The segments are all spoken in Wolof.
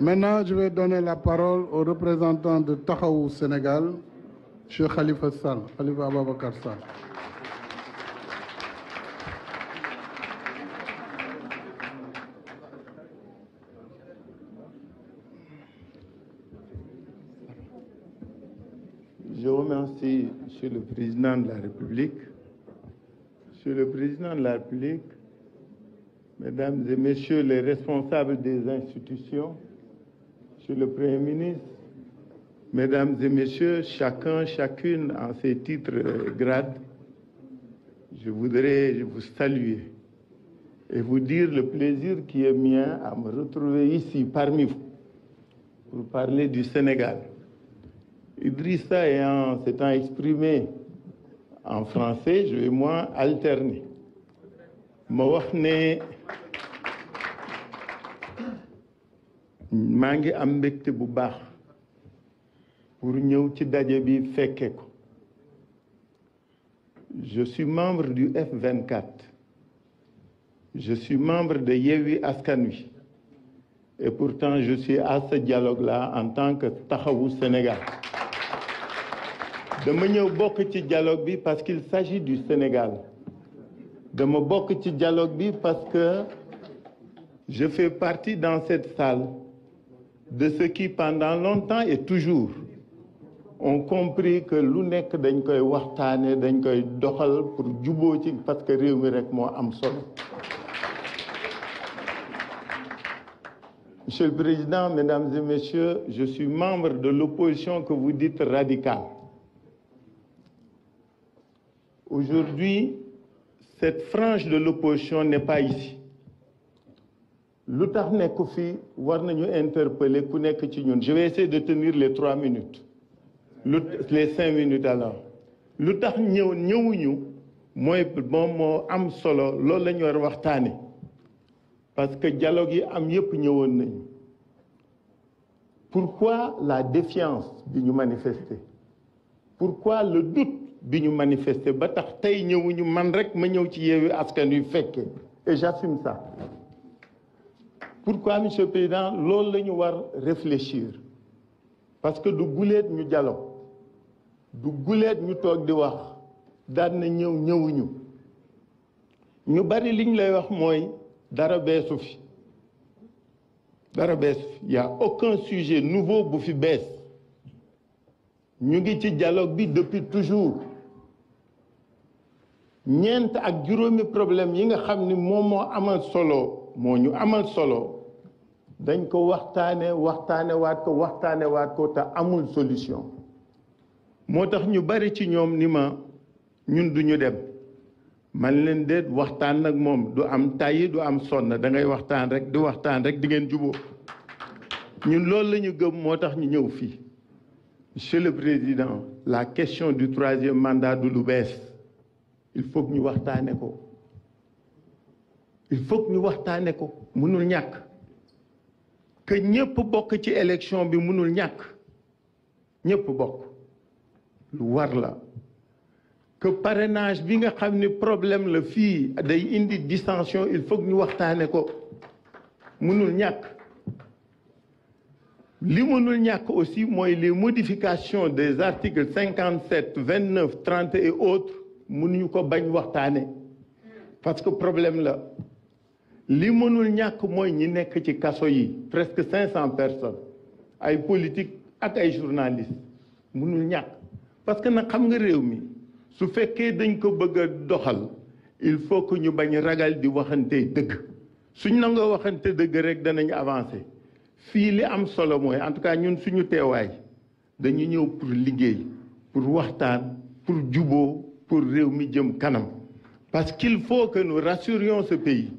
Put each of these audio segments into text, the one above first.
Maintenant, je vais donner la parole au représentant de Tahaou Sénégal, M. Khalifa Ababakar Je remercie M. le Président de la République. M. le Président de la République, mesdames et messieurs les responsables des institutions, monsieur le Premier ministre, mesdames et messieurs, chacun, chacune en ses titres euh, grades, je voudrais vous saluer et vous dire le plaisir qui est mien à me retrouver ici parmi vous pour parler du Sénégal. Idrissa en s'étant exprimé en français, je vais moi alterner je suis membre du F24 je suis membre de yewi Askanui. et pourtant je suis à ce dialogue là en tant que Taxawu Sénégal dama ñëw bokk ci dialogue parce qu'il s'agit du Sénégal de mon dialogue parce que je fais partie dans cette salle de ceux qui pendant longtemps et toujours ont compris que l'UNEC d'un koy koy pour du parce que je avec moi Monsieur le Président, Mesdames et Messieurs, je suis membre de l'opposition que vous dites radicale. Aujourd'hui, cette frange de l'opposition n'est pas ici lu tax nekk fii war nañu interpeller ku nekk ci ñun je vais essayer de tenir les trois minutes les cinq minutes alors lu tax ñëw ñëwuñu mooy moom moo am solo loolu la ñu war parce que dialogue yi am yëpp ñëwoon nañu pourquoi la défiance de ñu manifester pourquoi le doute bi ñu manifester ba tax tey ñëwuñu man rek ma ñew ci yeewi askan yu fekke et j'assume ça pourquoi monsieur le président loolu lañu war réfléchir parce que du guleet ñu dialogue du guleet ñu toog di wax daan na ñew ñëwuñu ñu bari liñ lay wax mooy dara beesu fi dara bees y a aucun sujet nouveau bu fi bees ñu ngi ci dialogue bi depuis toujours ñeent ak juróomi problème yi nga xam ni moom moo amal solo moo ñu amal solo dañ ko waxtaane waxtaane waat ko waxtaane waat ko te amul solution moo tax ñu bari ci ñoom ni ma ñun duñu dem man leen déet waxtaan nag moom du am tàyyi du am sonn da ngay waxtaan rek di waxtaan rek di ngeen juboo ñun loolu la ñu gëm moo tax ñu ñëw fii monsieur le président la question du troisième mandat du lu bees il faut que nous waxtaane ko il faut que nous ko mënul que ñepp bok ci élection bi mënul nous ñepp bok lu war la que parrainage bi nga xamni problème le fil, day indi il faut que nous waxtaane ko mënul nous li mënul pas aussi les modifications des articles 57, 29, 30 et autres mënuñu ko bañ waxtaane parce que problème la li mënul ñàkk mooy ñi nekk ci kaso yi presque cinq cent personnes ay politique ak ay journaliste mënul ñàkk parce que na xam nga réew mi su fekkee dañ ko bëgg a doxal il faut que ñu bañ ragal di waxante dëgg suñ nangoo waxante dëgg rek danañ avancer fii li am solo mooy en tout cas ñun suñu teewaay dañu ñëw pour liggéey pour waxtaan pour juboo pour Réumi Djem Kanam. Parce qu'il faut que nous rassurions ce pays.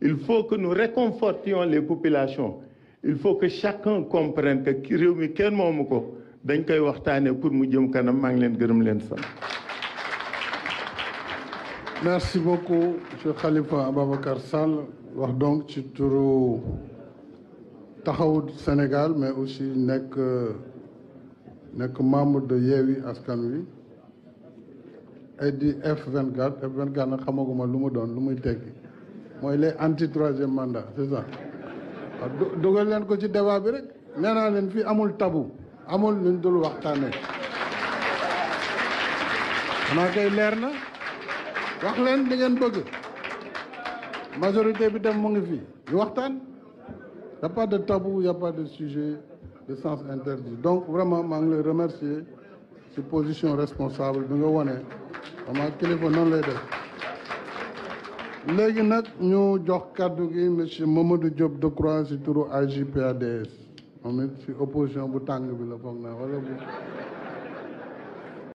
Il faut que nous réconfortions les populations. Il faut que chacun comprenne que Réumi est dañ koy qui pour mu kanam merci beaucoup M. Khalifa Ababakar Sall wax donc ci Sénégal mais aussi membre de dit F24 F24 nag xamaguma lu mu doon lu muy tekki mooy les anti troisième mandat c'est ça Donc dugal leen ko ci débat bi rek nee naa leen fii amul tabu amul luñ dul waxtaanee xanaa kay leer na wax leen li ngeen bëgg majorité bi dem mu ngi fi ñu waxtaan y a pas de tabou il n'y a pas de sujet de sens interdit donc vraiment je ngi lay remercier si position responsable bi nga wone xamaa kilifa noonu lay def léegi nag ñu jox kàddu gi monsieur Mamadou Diop Decroix si turu AJ/PADS moom it si opposition bu tàng bi la foog na wala bu